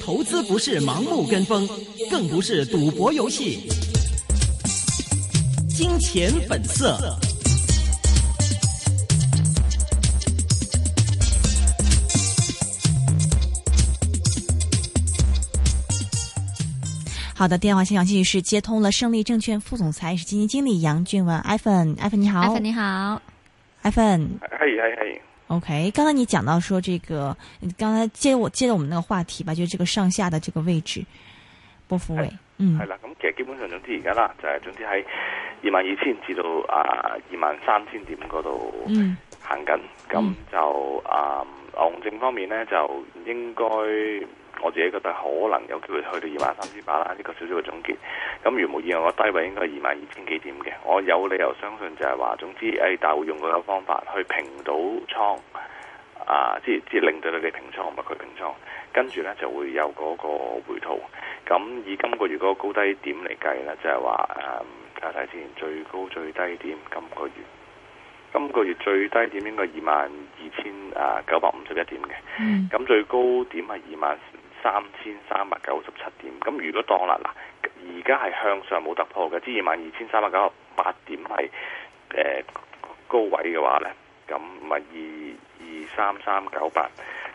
投資不是盲目跟風，更不是賭博遊戲。金錢本色。好的，電話現場繼續是接通了勝利證券副總裁也是基金經理楊俊文。Ivan 你好。Ivan 你好。F N 係係係。O、okay, K，剛才你講到說，這個，你剛才接我接咗我們那個話題吧，就是這個上下的這個位置，波幅位是嗯，係啦，咁其實基本上，總之而家啦，就係、是、總之喺二萬二千至到啊二萬三千點嗰度行緊，咁、嗯、就啊，恒指、嗯呃、方面咧就應該。我自己覺得可能有機會去到二萬三千八啦，呢、這個少少嘅總結。咁如無意外，我低位應該係二萬二千幾點嘅。我有理由相信就係話，總之誒、哎、大會用嗰個方法去平倒倉啊，即係即係令到你哋平倉，唔係佢平倉。跟住呢就會有嗰個回吐。咁以今個月嗰個高低點嚟計呢，就係話誒，睇睇先最高最低點今個月。今個月最低點應該二萬二千啊九百五十一點嘅。咁、mm. 最高點係二萬。三千三百九十七點，咁如果當啦，嗱，而家係向上冇突破嘅，即二萬二千三百九十八點係誒、呃、高位嘅話呢，咁咪二二三三九八，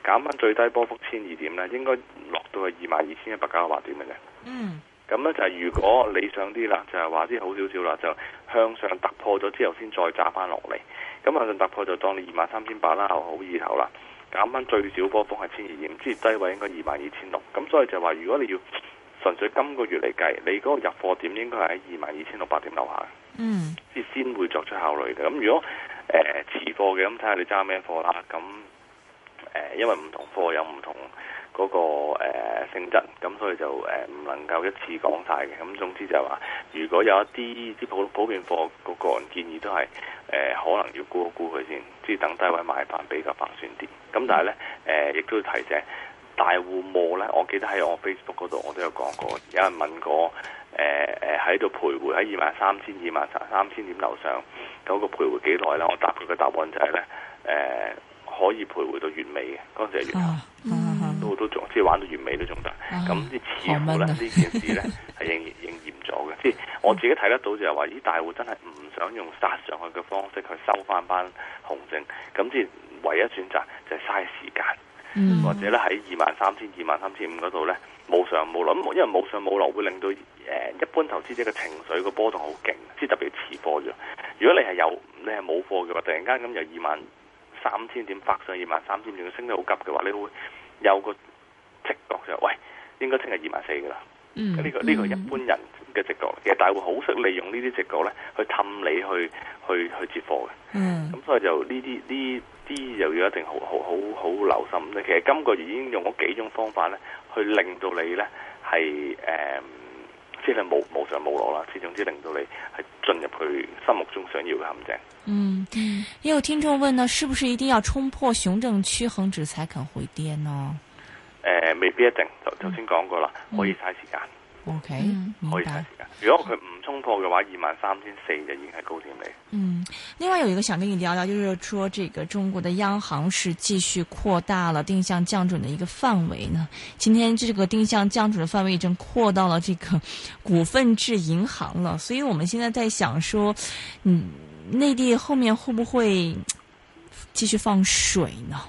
減翻最低波幅千二,二點呢，應該落到係二萬二千一百九十八點嘅啫。嗯，咁呢就係如果理想啲啦，就係話啲好少少啦，就向上突破咗之後先再炸翻落嚟，咁向上突破就當你二萬三千八啦，好意頭啦。減翻最少波幅係千二點，唔知低位應該二萬二千六，咁所以就話如果你要純粹今個月嚟計，你嗰個入貨點應該係喺二萬二千六百點樓下，嗯，即先會作出考慮嘅。咁如果誒遲、呃、貨嘅，咁睇下你揸咩貨啦，咁誒、呃、因為唔同貨有唔同。嗰、那個、呃、性質，咁所以就誒唔、呃、能夠一次講晒。嘅。咁總之就話，如果有一啲啲普普遍貨，個個人建議都係、呃、可能要估一估佢先，即係等低位買翻比較劃算啲。咁但係咧亦都要提醒大戶冇咧。我記得喺我 Facebook 嗰度，我都有講過，有人問過喺度、呃、徘徊喺二萬三千二萬三千點樓上嗰、那個徘徊幾耐啦？我答佢嘅答案就係、是、咧、呃、可以徘徊到月尾嘅，嗰陣時係月頭。啊嗯都仲即係玩到完美都仲得，咁啲持貨咧呢，蚊呢 件事咧係應應驗咗嘅，即係我自己睇得到就係話，啲大戶真係唔想用殺上去嘅方式去收翻班紅證，咁即係唯一選擇就係嘥時間，嗯、或者咧喺二萬三千二萬三千五嗰度咧冇上冇落，因為冇上冇落會令到誒、呃、一般投資者嘅情緒個波動好勁，即係特別持貨啫。如果你係有你係冇貨嘅話，突然間咁由二萬三千點翻上二萬三千點升得好急嘅話，你會有個。直覺就喂，應該聽日二萬四噶啦。嗯、呢、這個呢、這個一般人嘅直覺，嗯、其實大戶好識利用呢啲直覺咧，去氹你去去去接貨嘅。嗯、咁、嗯、所以就呢啲呢啲就要一定好好好好留心咧。其實今個月已經用咗幾種方法咧，去令到你咧係誒，即係冇冇上冇落啦。始終之令到你係進入佢心目中想要嘅陷阱。嗯，有聽眾問呢，是不是一定要衝破熊證區恒指才肯回跌呢？誒、呃，未必一定。就頭先講過啦，嗯、可以嘥時間。OK，、嗯、可以嘥時間。嗯、如果佢唔沖破嘅話，二萬三千四就已經係高點嚟。嗯，另外有一個想跟你聊聊，就是說，這個中國的央行是繼續擴大了定向降準的一個範圍呢。今天這個定向降準的範圍已經擴到了這個股份制銀行了，所以我們現在在想說，嗯，內地後面會不會繼續放水呢？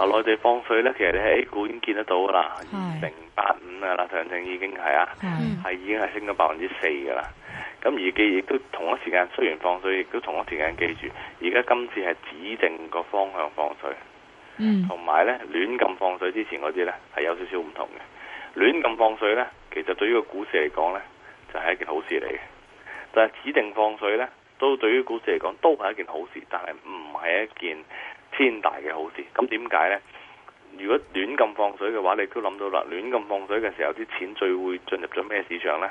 啊！內地放水咧，其實你喺 A 股已經見得到噶啦，二零八五噶啦，上證已經係啊，係的已經係升咗百分之四噶啦。咁而記亦都同一時間，雖然放水亦都同一時間記住，而家今次係指定個方向放水，同埋咧亂咁放水之前嗰啲咧係有少少唔同嘅。亂咁放水咧，其實對於個股市嚟講咧，就係、是、一件好事嚟嘅。但、就、係、是、指定放水咧，都對於股市嚟講都係一件好事，但係唔係一件天大嘅好事，咁點解呢？如果亂咁放水嘅話，你都諗到啦。亂咁放水嘅時候，啲錢最會進入咗咩市場呢？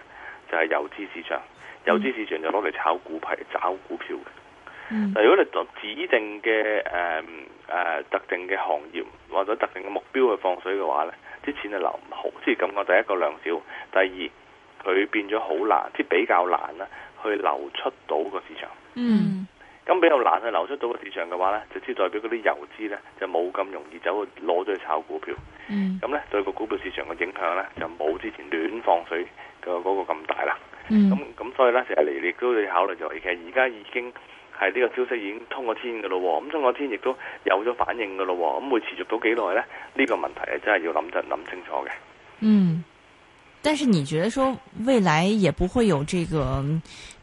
就係遊資市場，遊資市場就攞嚟炒股票、炒股票嘅。但如果你指定嘅誒誒特定嘅行業或者特定嘅目標去放水嘅話呢，啲錢就流唔好，即係咁講，第一個量少，第二佢變咗好難，即比較難啦，去流出到個市場。嗯。咁比較難去流出到個市場嘅話呢，就只代表嗰啲遊資呢，就冇咁容易走去攞咗去炒股票。咁呢對個股票市場嘅影響呢，就冇之前亂放水嘅嗰個咁大啦。咁咁所以呢，就係你你都要考慮就其實而家已經係呢個消息已經通過天嘅咯喎，咁通過天亦都有咗反應嘅咯喎，咁會持續到幾耐呢？呢個問題真係要諗得諗清楚嘅。嗯，但是你覺得說未來也不會有這個。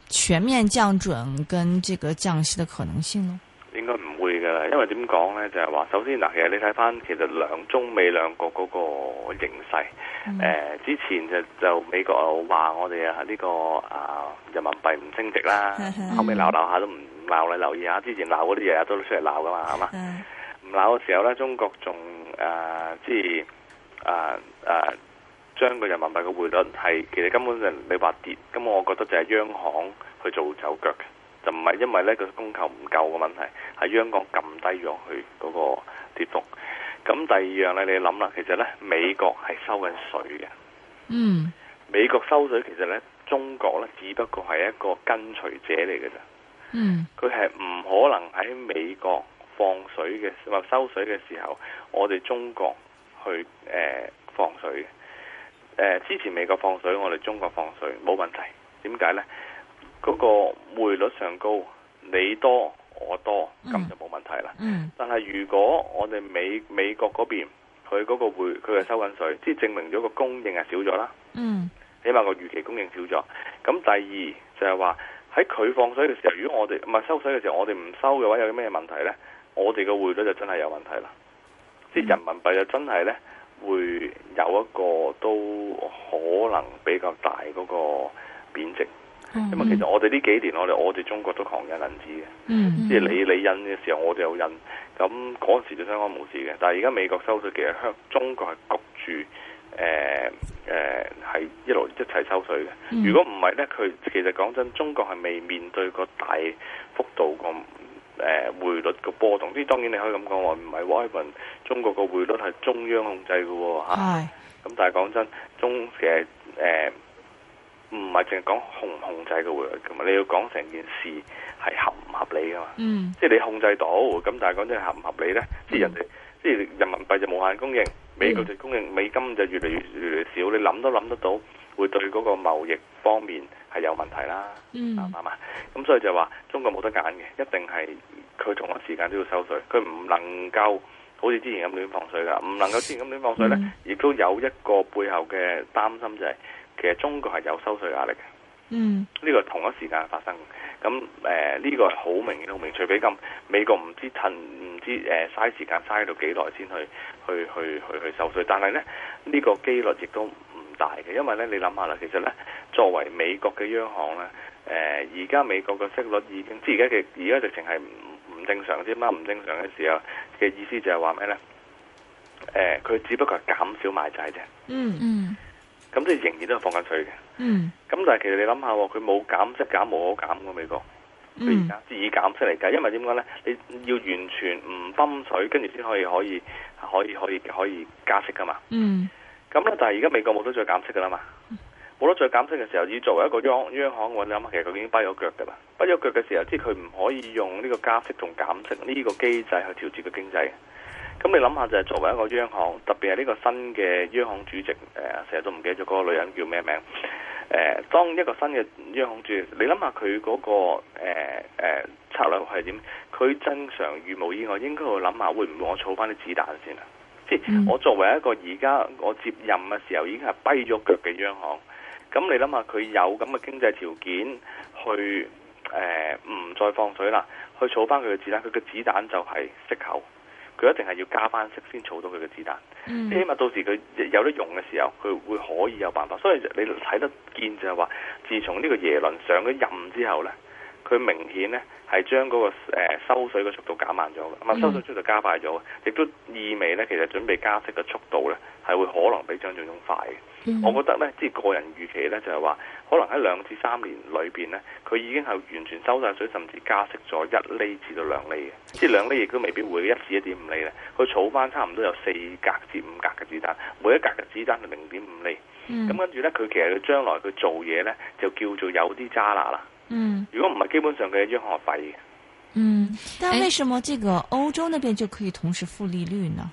全面降準跟這個降息的可能性咯，應該唔會噶啦，因為點講咧就係話，首先嗱，其實你睇翻其實兩中美兩國嗰個形勢，誒、嗯呃、之前就就美國又話我哋、這個、啊呢個啊人民幣唔升值啦，嗯、後尾鬧鬧下都唔鬧，你留意下之前鬧嗰啲嘢都出嚟鬧噶嘛，係嘛、嗯，唔鬧嘅時候咧，中國仲誒即係啊啊。呃將個人民幣嘅匯率係其實根本就你話跌，咁我覺得就係央行去做走腳嘅，就唔係因為呢個供求唔夠嘅問題，係央行撳低咗去嗰個跌幅。咁第二樣咧，你諗啦，其實呢美國係收緊水嘅，嗯，mm. 美國收水其實呢中國呢，只不過係一個跟隨者嚟嘅咋，嗯，佢係唔可能喺美國放水嘅或收水嘅時候，我哋中國去、呃、放水嘅。誒，之前美國放水，我哋中國放水冇問題。點解呢？嗰個匯率上高，你多我多，咁就冇問題啦。嗯嗯、但係如果我哋美美國嗰邊，佢嗰個匯佢係收緊水，即係證明咗個供應係少咗啦。嗯、起碼個預期供應少咗。咁第二就係話喺佢放水嘅時候，如果我哋唔係收水嘅時候，我哋唔收嘅話，有啲咩問題呢？我哋個匯率就真係有問題啦。嗯、即係人民幣就真係呢。會有一個都可能比較大嗰個貶值，咁、mm hmm. 其實我哋呢幾年我哋我哋中國都狂印銀紙嘅，即係、mm hmm. 你你印嘅時候我哋又印，咁嗰時就相安無事嘅，但係而家美國收稅其實向中國係焗住，誒誒係一路一齊收稅嘅，mm hmm. 如果唔係呢，佢其實講真，中國係未面對過大幅度匯率個波動，呢當然你可以咁講話唔係，Wyman 中國個匯率係中央控制嘅，吓的，咁、嗯、但係講真，中其實誒唔係淨係講控唔控制個匯率噶嘛，你要講成件事係合唔合理噶嘛，嗯，即係你控制到，咁但係講真係合唔合理咧，即係人哋即係人民幣就無限供應，美國就供應、嗯、美金就越嚟越越嚟越少，你諗都諗得到會對嗰個貿易方面係有問題啦，係咁、嗯、所以就話中國冇得揀嘅，一定係。佢同一時間都要收稅，佢唔能夠好似之前咁亂放水㗎，唔能夠之前咁亂放水呢，亦、mm. 都有一個背後嘅擔心就係，其實中國係有收稅壓力嘅。嗯，呢個同一時間發生這，咁誒呢個係好明顯好明確比較，美國唔知趁唔知誒嘥時間嘥到幾耐先去去去去去收稅，但係咧呢呢個機率亦都唔大嘅，因為呢，你諗下啦，其實呢，作為美國嘅央行呢，誒而家美國嘅息率已經，即係而家嘅而家直情係唔。正常之嘛，唔正常嘅時候嘅意思就係話咩咧？誒、呃，佢只不過係減少買債啫。嗯嗯、mm。咁即係仍然都係放緊水嘅。嗯、mm。咁、hmm. 但係其實你諗下，佢冇減息減冇可減嘅美國。嗯。而家以減息嚟計，因為點講咧？你要完全唔泵水，跟住先可以可以可以可以可以加息噶嘛？嗯、mm。咁、hmm. 咧，但係而家美國冇得再減息噶啦嘛？冇得再減息嘅時候，以作為一個央央行，我諗其實佢已經跛咗腳噶啦。跛咗腳嘅時候，即係佢唔可以用呢個加息同減息呢個機制去調節個經濟。咁你諗下，就係作為一個央行，特別係呢個新嘅央行主席，誒、呃，成日都唔記得咗嗰個女人叫咩名？誒、呃，當一個新嘅央行主席，你諗下佢嗰個誒、呃呃、策略係點？佢正常如無意外，我應該想想會諗下會唔會我儲翻啲子彈先啦？即係我作為一個而家我接任嘅時候，已經係跛咗腳嘅央行。咁你諗下，佢有咁嘅經濟條件去誒，唔、呃、再放水啦，去儲翻佢嘅子彈，佢嘅子彈就係息口，佢一定係要加返息先儲到佢嘅子彈。嗯、起碼到時佢有得用嘅時候，佢會可以有辦法。所以你睇得見就係、是、話，自從呢個耶倫上咗任之後咧。佢明顯咧係將嗰個收水嘅速度減慢咗嘅，mm. 收水速度加快咗，亦都意味咧其實準備加息嘅速度咧係會可能比想像中快嘅。Mm. 我覺得咧，即係個人預期咧，就係、是、話可能喺兩至三年裏面咧，佢已經係完全收晒水，甚至加息咗一厘至到兩厘。嘅。即係兩厘亦都未必會一至一點五厘。咧。佢儲翻差唔多有四格至五格嘅子彈，每一格嘅子彈係零點五厘。咁、mm. 跟住咧，佢其實佢將來佢做嘢咧，就叫做有啲渣拿啦。嗯，如果唔係基本上佢嘅醫學費嘅。嗯，但為什麼這個歐洲那邊就可以同時負利率呢？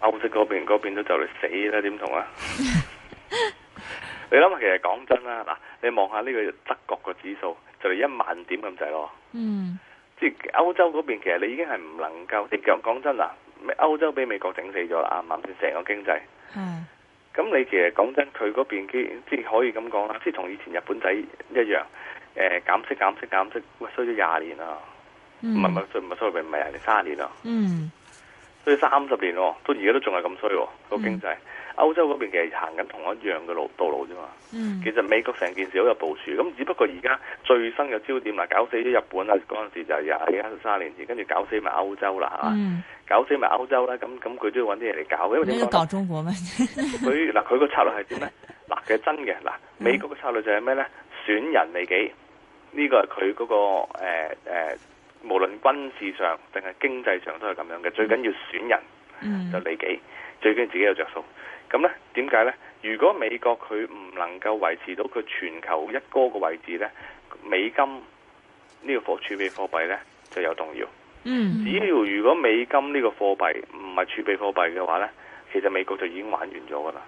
歐、嗯、洲嗰邊邊都就嚟死啦，點同啊？ 你諗下，其實講真啦，嗱，你望下呢個德國個指數就嚟、是、一萬點咁滯咯。嗯，即係歐洲嗰邊其實你已經係唔能夠即腳。講真啦，歐洲俾美國死了整死咗啦，啱？至成個經濟。嗯、啊。咁你其實講真，佢嗰邊即係可以咁講啦，即係同以前日本仔一樣。誒、欸，減息減息減息，減息喂，衰咗廿年啦，唔係唔係，衰唔係衰，唔係啊，人哋卅、嗯、年啦，衰咗三十年喎，都而家都仲係咁衰喎，個經濟。嗯、歐洲嗰邊其實行緊同一樣嘅路道路啫嘛。嗯、其實美國成件事好有部署，咁只不過而家最新嘅焦點嗱，搞死咗日本啦，嗰陣時就係廿幾三十年前，跟住搞死埋歐洲啦嚇、嗯啊，搞死埋歐洲啦，咁咁佢都要揾啲嘢嚟搞，因為你要搞中國咩？佢嗱，佢個策略係點咧？嗱，佢係真嘅嗱，美國嘅策略就係咩咧？損人利己。呢個係佢嗰個誒誒、呃，無論軍事上定係經濟上都係咁樣嘅。最緊要選人，就利己，最緊要自己有着數。咁呢點解呢？如果美國佢唔能夠維持到佢全球一哥嘅位置呢，美金呢個貨儲備貨幣呢就有動搖。嗯，只要如果美金呢個貨幣唔係儲備貨幣嘅話呢，其實美國就已經玩完咗㗎喇。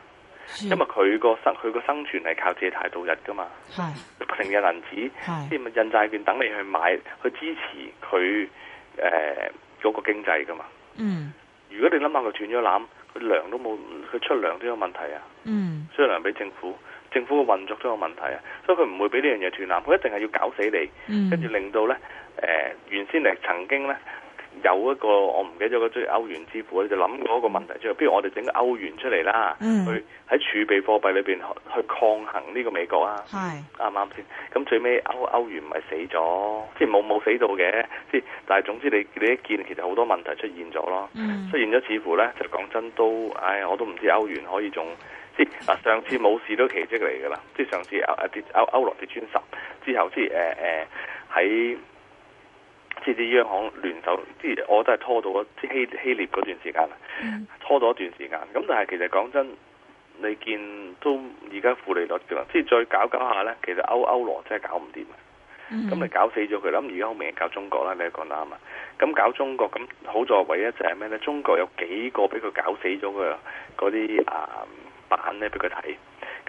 因為佢個生佢個生存係靠借貸度日噶嘛，不停是是印銀紙，即係咪印債券，等你去買去支持佢誒嗰個經濟噶嘛？嗯，如果你諗下佢斷咗纜，佢糧都冇，佢出糧都有問題啊。嗯，出糧俾政府，政府嘅運作都有問題啊，所以佢唔會俾呢樣嘢斷纜，佢一定係要搞死你，跟住、嗯、令到咧誒、呃、原先嚟曾經咧。有一個我唔記得咗個追歐元支付咧，你就諗一個問題之，之後不如我哋整歐元出嚟啦，嗯、去喺儲備貨幣裏邊去抗衡呢個美國啊，啱唔啱先？咁最尾歐，歐元唔係死咗，即係冇冇死到嘅，即係但係總之你你一見其實好多問題出現咗咯，出、嗯、現咗似乎咧就講真都，唉我都唔知歐元可以仲即係嗱上次冇事都奇蹟嚟噶啦，即係上次歐一啲歐歐羅跌穿十之後，即係喺。呃呃次次央行聯手，即係我都係拖到嗰希希臘嗰段時間啦，拖到一段時間。咁、mm. 但係其實講真，你見都而家負利率即係再搞搞下咧，其實歐歐羅真係搞唔掂。咁咪搞死咗佢。咁而家好明係搞中國啦，你講得啱啊。咁搞中國，咁好在唯一就係咩咧？中國有幾個俾佢搞死咗嘅嗰啲啊板咧俾佢睇。版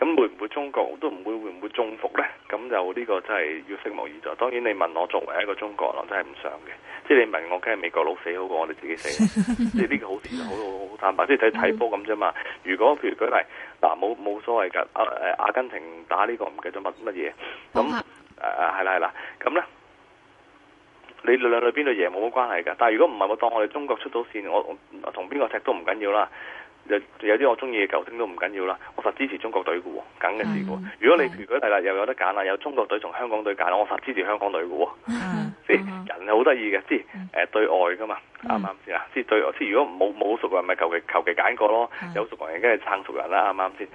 咁會唔會中國都唔會會唔會中伏呢？咁就呢個真係要拭目以待。當然你問我作為一個中國人，真係唔想嘅。即係你問我，梗係美國佬死好過我哋自己死。即係呢個好啲，好好坦白，即係睇睇波咁啫嘛。如果譬如舉例嗱，冇、啊、冇所謂㗎、啊啊。阿根廷打呢個唔記得乜乜嘢，咁誒係啦係啦，咁呢，你兩隊邊隊贏冇乜關係㗎。但係如果唔係我當我哋中國出到線，我同邊個踢都唔緊要啦。有啲我中意嘅球星都唔緊要啦，我實支持中國隊嘅喎，梗嘅事喎。嗯、如果你的如果係啦，又有得揀啦，有中國隊同香港隊揀啦，我實支持香港隊嘅喎。即係人係好得意嘅，即係誒對外嘅嘛，啱唔啱先啊？即係對,對外，即係如果冇冇熟人咪求其求其揀個咯。有熟人嘅，梗係的撐熟人啦，啱唔啱先？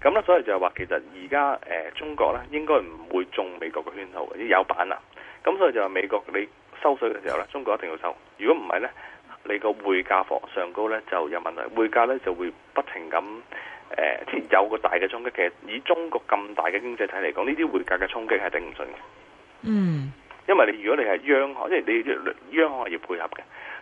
咁咧、嗯，所以就係話其實而家誒中國咧，應該唔會中美國嘅圈套，有板啊。咁所以就話美國你收稅嘅時候咧，中國一定要收。如果唔係咧。你個匯價上高咧就有問題，匯價咧就會不停咁誒、呃，有個大嘅衝擊。其實以中國咁大嘅經濟體嚟講，呢啲匯價嘅衝擊係頂唔順嘅。嗯，因為你如果你係央行，即係你央央行要配合嘅，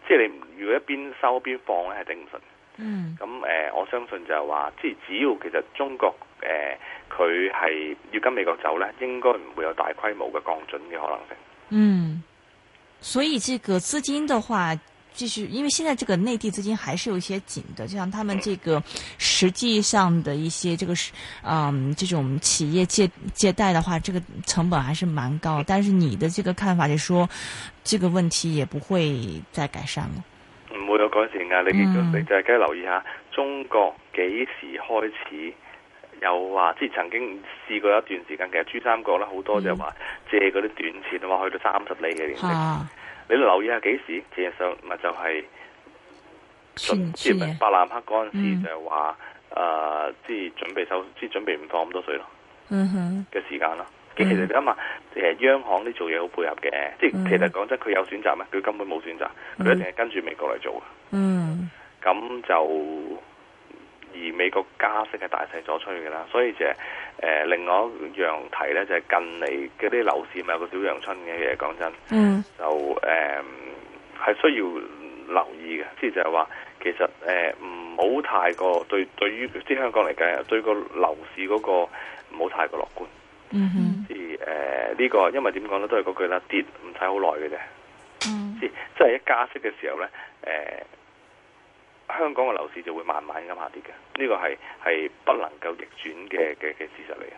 即係你如果一邊收一邊放咧，係頂唔順。嗯，咁誒、呃，我相信就係話，即係只要其實中國誒佢係要跟美國走咧，應該唔會有大規模嘅降準嘅可能性。嗯，所以這個資金的話。繼續，因為現在這個內地資金還是有一些緊的，就像他們這個實際上的一些這個，嗯，這種企業借借貸的話，這個成本還是蠻高。但是你的這個看法就說，這個問題也不會再改善了。唔會有改善㗎你你、嗯、就係跟留意一下中國幾時開始有話，即係曾經試過一段時間，其實珠三角咧好多就話借嗰啲短錢、嗯、啊，話去到三十厘嘅年息。你留意下幾時？其實上唔係就係，即係白蘭克嗰陣時就係話，誒，即係準備收，即係準備唔放咁多水咯。嗯哼，嘅時間咯。咁、嗯、其實你諗下，誒，央行啲做嘢好配合嘅，即係、嗯、哼其實講真，佢有選擇咩？佢根本冇選擇，佢、嗯、哼一定係跟住美國嚟做嘅。嗯哼，咁就。而美國加息嘅大勢所趨嘅啦，所以就誒、是呃、另外一樣題咧，就係、是、近嚟嗰啲樓市咪有個小陽春嘅嘢，講真，mm hmm. 就誒係、呃、需要留意嘅。即係就係、是、話，其實誒唔好太過對對於啲香港嚟講，對個樓市嗰、那個唔好太過樂觀。嗯哼、mm，即係誒呢個，因為點講咧，都係嗰句啦，跌唔使好耐嘅啫。嗯、mm，即、hmm. 係、就是、一加息嘅時候咧，誒、呃。香港嘅樓市就會慢慢咁下跌嘅，呢個係係不能夠逆轉嘅嘅嘅事實嚟嘅。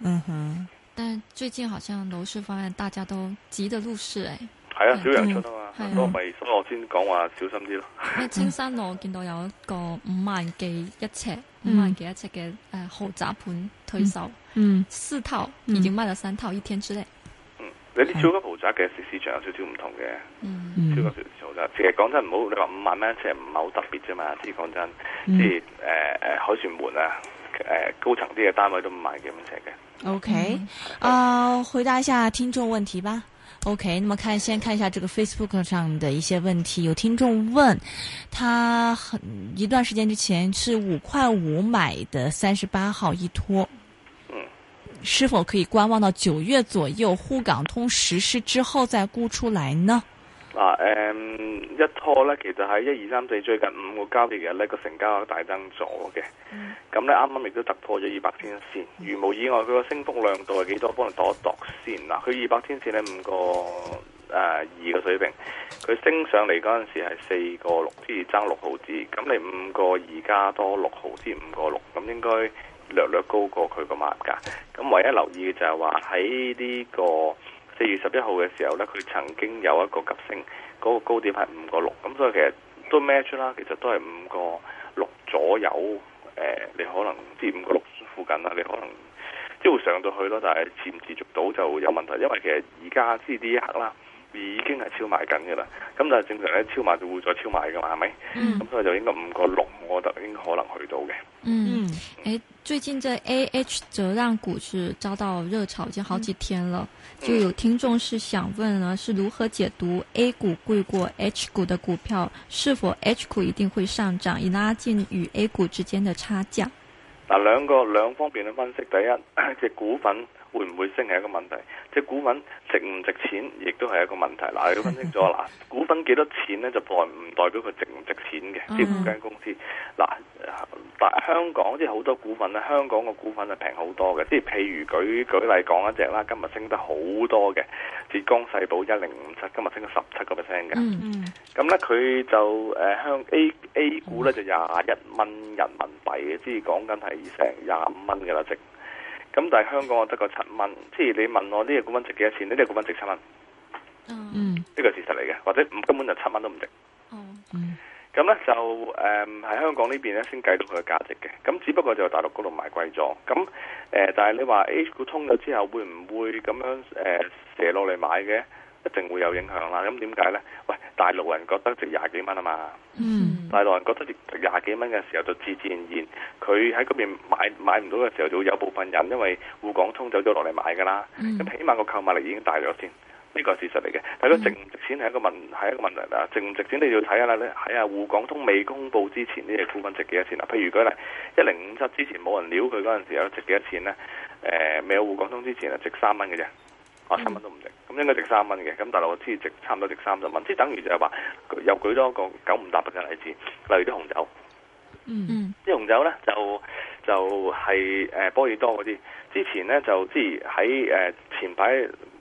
嗯哼，但最近好像樓市方面大家都急得入市誒。係啊，、嗯、啊，小陽春啊嘛，咁、嗯、我咪咁我先講話小心啲咯。喺青山路見到有一個五萬幾一尺、五萬幾一尺嘅誒豪宅盤推售，嗯，四套、嗯、已經賣咗三套，一天之內。你啲 超級豪宅嘅市市場有少少唔同嘅，嗯，超級豪宅，其實講真唔好，你話五萬蚊一尺唔係好特別啫嘛。真嗯、即係講真，即係誒誒凱旋門啊，誒、呃、高層啲嘅單位都唔賣幾咁尺嘅。OK，啊，回答一下聽眾問題吧。OK，那麼看先看一下這個 Facebook 上的一些問題，有聽眾問，他一段時間之前是五塊五買的三十八號一拖。是否可以觀望到九月左右滬港通實施之後再沽出來呢？誒、啊嗯，一拖咧，其實喺一二三四最近五個交易日呢，個成交都大增咗嘅。咁咧啱啱亦都突破咗二百天線，如無意外，佢個升幅量度係幾多？幫你度一度先。嗱、啊，佢二百天線呢，五個誒二嘅水平，佢升上嚟嗰陣時係四個六，即爭六毫子。咁你五個二加多六毫，即五個六，咁應該。略略高過佢個買價，咁唯一留意嘅就係話喺呢個四月十一號嘅時候呢，佢曾經有一個急升，嗰、那個高點係五個六，咁所以其實都 match 啦，其實都係五個六左右，誒、呃，你可能啲五個六附近啦，你可能即係會上到去咯，但係持唔持續到就有問題，因為其實而家即係呢一刻啦。已經係超買緊嘅啦，咁但係正常咧超買就會再超買噶嘛，係咪？咁、嗯、所以就應該五個六，我覺得應該可能去到嘅。嗯，誒，最近這 A H 折讓股是遭到熱炒，已經好幾天了。嗯、就有聽眾是想問呢是如何解讀 A 股貴過 H 股的股票，是否 H 股一定會上漲，以拉近與 A 股之間的差價？嗱，兩個兩方面嘅分析，第一，隻股份會唔會升係一個問題。即係股份值唔值錢，亦都係一個問題。嗱，你都分清楚啦，股份幾多錢咧，就代唔代表佢值唔值錢嘅？即只間公司嗱，但香港即係好多股份咧，香港嘅股份係平好多嘅。即係譬如舉舉例講一隻啦，今日升得好多嘅，浙江世寶一零五七，今日升咗十七個 percent 嘅。嗯嗯，咁咧佢就誒向 A A 股咧就廿一蚊人民幣嘅，即係講緊係成廿五蚊嘅啦，值。咁但係香港我得個七蚊，即係你問我呢個股份值幾多錢？呢個股份值七蚊，嗯，呢個事實嚟嘅，或者唔根本就七蚊都唔值。嗯嗯，咁咧就誒喺香港呢邊咧先計到佢嘅價值嘅，咁只不過就大陸嗰度買貴咗。咁誒，但係你話 A 股通咗之後會唔會咁樣誒射落嚟買嘅？一定會有影響啦。咁點解呢？喂，大陸人覺得值廿幾蚊啊嘛。嗯。Mm. 大陸人覺得值廿幾蚊嘅時候就自自然然，佢喺嗰邊買買唔到嘅時候就會有部分人因為滬港通走咗落嚟買噶啦。嗯。Mm. 咁起碼個購買力已經大咗先，呢個係事實嚟嘅。但係值唔值錢係一個問係一個問題啦，mm. 值唔值錢你要睇下啦。咧喺啊滬港通未公布之前，呢隻股份值幾多錢啊？譬如講嚟一零五七之前冇人撩佢嗰陣時，有值幾多錢呢？誒、呃，未有滬港通之前係值三蚊嘅啫。我三蚊都唔值，咁應該值三蚊嘅，咁大陸我知值差唔多值三十蚊，即係等於就係話又舉了個多個九唔搭八嘅例子，例如啲紅酒。嗯嗯，啲紅酒咧就就係、是、誒、呃、波爾多嗰啲，之前咧就即係喺誒前排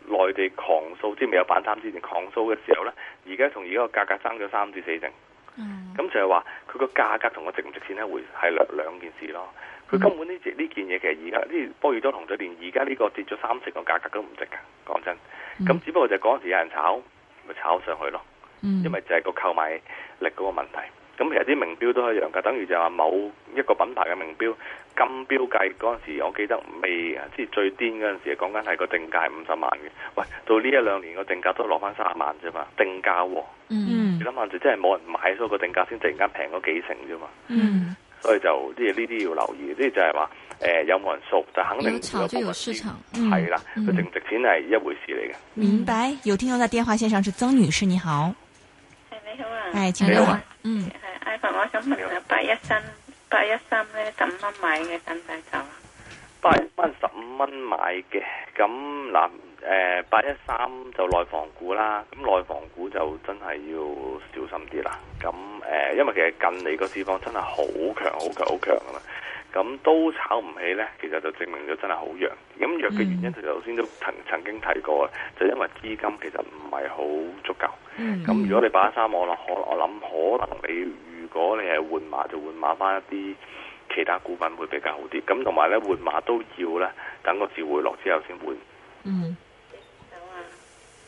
內地狂掃，即係未有反貪之前狂掃嘅時候咧，而家同而家個價格爭咗三至四成。嗯，咁就係話佢個價格同個值唔值錢咧，會係兩兩件事咯。佢根本呢呢件嘢、mm hmm. 其實而家呢波爾多紅酒連而家呢個跌咗三成個價格都唔值㗎，講真。咁只不過就係嗰陣時有人炒，咪炒上去咯。Mm hmm. 因為就係個購買力嗰個問題。咁其實啲名錶都一樣㗎，等於就話某一個品牌嘅名錶金錶計嗰陣時，我記得未啊，即係最癲嗰陣時，講緊係個定價五十萬嘅。喂，到呢一兩年個定價都落翻三十萬啫嘛，定價喎、啊。嗯、mm。Hmm. 你諗下就真係冇人買所以個定價先，突然間平咗幾成啫嘛。嗯、mm。Hmm. 所以就即係呢啲要留意，即呢就係話誒有冇人熟，就肯定炒就有市場，係啦、嗯，佢淨、嗯、值唔值錢係一回事嚟嘅。明白，有聽眾在電話線上，是曾女士，你好，係你好啊，誒、哎，請你。啊，嗯，係 iPhone，我想問下，八一三八一三咧，十五蚊買嘅？咁大頭？八一三十五蚊買嘅，咁嗱。誒，八一三就內房股啦，咁內房股就真係要小心啲啦。咁誒、呃，因為其實近嚟個市況真係好強、好強、好強吖嘛。咁都炒唔起呢，其實就證明咗真係好弱。咁弱嘅原因就頭先都曾曾經提過，就因為資金其實唔係好足夠。咁如果你八一三我諗，可我諗可能你如果你係換馬，就換馬翻一啲其他股份會比較好啲。咁同埋呢，換馬都要呢，等個市回落之後先換。嗯。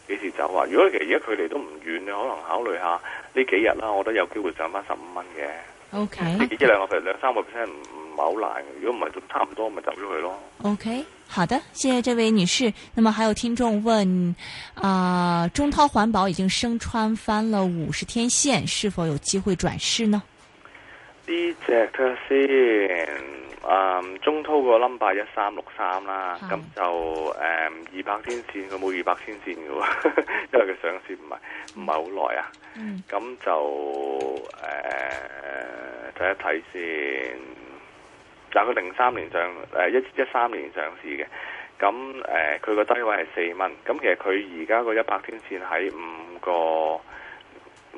幾時走啊？如果其實而家距離都唔遠，你可能考慮下呢幾日啦、啊，我都有機會上翻十五蚊嘅。O K，呢一兩個 percent，兩三個 percent 唔唔係好難。如果唔係都差唔多，咪走咗佢咯。OK，好的，謝謝這位女士。那麼還有聽眾問：啊、呃，中滔環保已經升穿翻了五十天線，是否有機會轉勢呢？第一隻先。啊，um, 中滔個 number 一三六三啦，咁就誒二百天線，佢冇二百天線嘅喎，因為佢上市唔係唔係好耐啊，咁、mm. 就誒睇、uh, 一睇先，有佢零三年上誒一一三年上市嘅，咁誒佢個低位係四蚊，咁其實佢而家個一百天線喺五個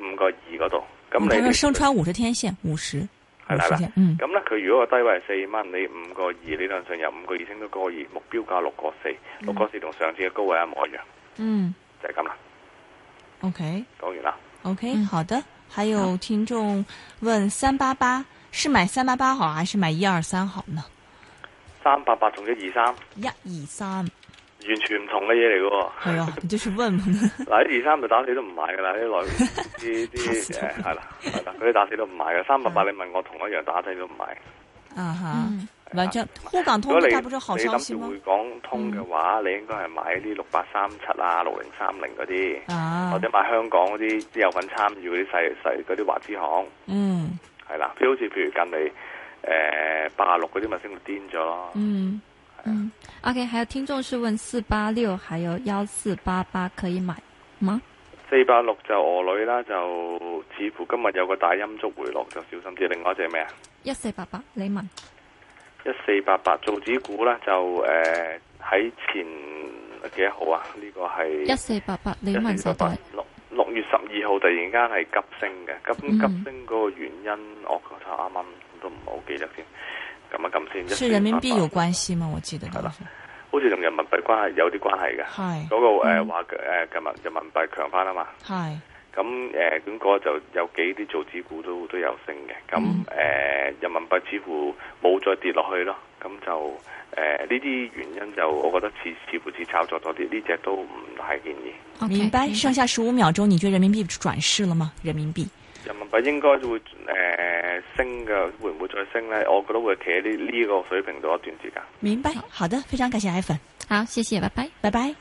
五個二嗰度，咁我看 你升他穿五十天線五十。50係啦，咁咧佢如果個低位係四蚊，你五個二，理論上有五個二升到個二，目標價六個四，六個四同上次嘅高位一模一樣，嗯，就係咁啦。OK，講完啦。OK，嗯，好的，還有聽眾問，三八八是買三八八好啊，還是買一二三好呢？三八八同一二三，一二三。完全唔同嘅嘢嚟嘅喎，係啊， 你就去問嗱，一二三就打死都唔買嘅啦，啲內啲啲誒係啦，係啦，啲 打， 打死都唔買嘅。三百八你問我同一樣，打死都唔買。啊哈、嗯，完全。的果你諗住會港通嘅話，嗯、你應該係買啲六八三七啊，六零三零嗰啲，啊、或者買香港嗰啲有份參與嗰啲細細嗰啲華資行。 嗯，係啦，譬如好似譬如近嚟誒八十六嗰啲咪升到癲咗。呃、嗯。嗯，OK，還有聽眾是問四八六，還有幺四八八可以買嗎？四八六就俄鋁啦，就似乎今日有個大陰燭回落，就小心啲。另外一隻咩啊？一四八八，李文。一四八八做股啦，就誒喺、呃、前幾號啊？呢、這個係一四八八，李文手袋。六六月十二號突然間係急升嘅，咁急升嗰個原因，我睇啱啱都唔係好記得添。撳先，是人民幣有關係嗎？我記得。好似同人民幣關係有啲關係嘅。係是。嗰，那個誒話誒今日人民幣強翻啦嘛。係是。咁誒，咁、呃、嗰、那個就有幾啲造紙股都都有升嘅。咁、嗯、誒、嗯呃，人民幣似乎冇再跌落去咯。咁就誒呢啲原因就我覺得似似乎似炒作多啲，呢、這、隻、個、都唔太建議。明白。上下十五秒鐘，嗯，你覺得人民幣轉勢了嗎？人民幣？人民幣應該會誒、呃、升嘅，會唔會再升咧？我覺得會企喺呢呢個水平度一段時間。明白，好的，非常感謝 Evan，好，謝謝，拜拜，拜拜。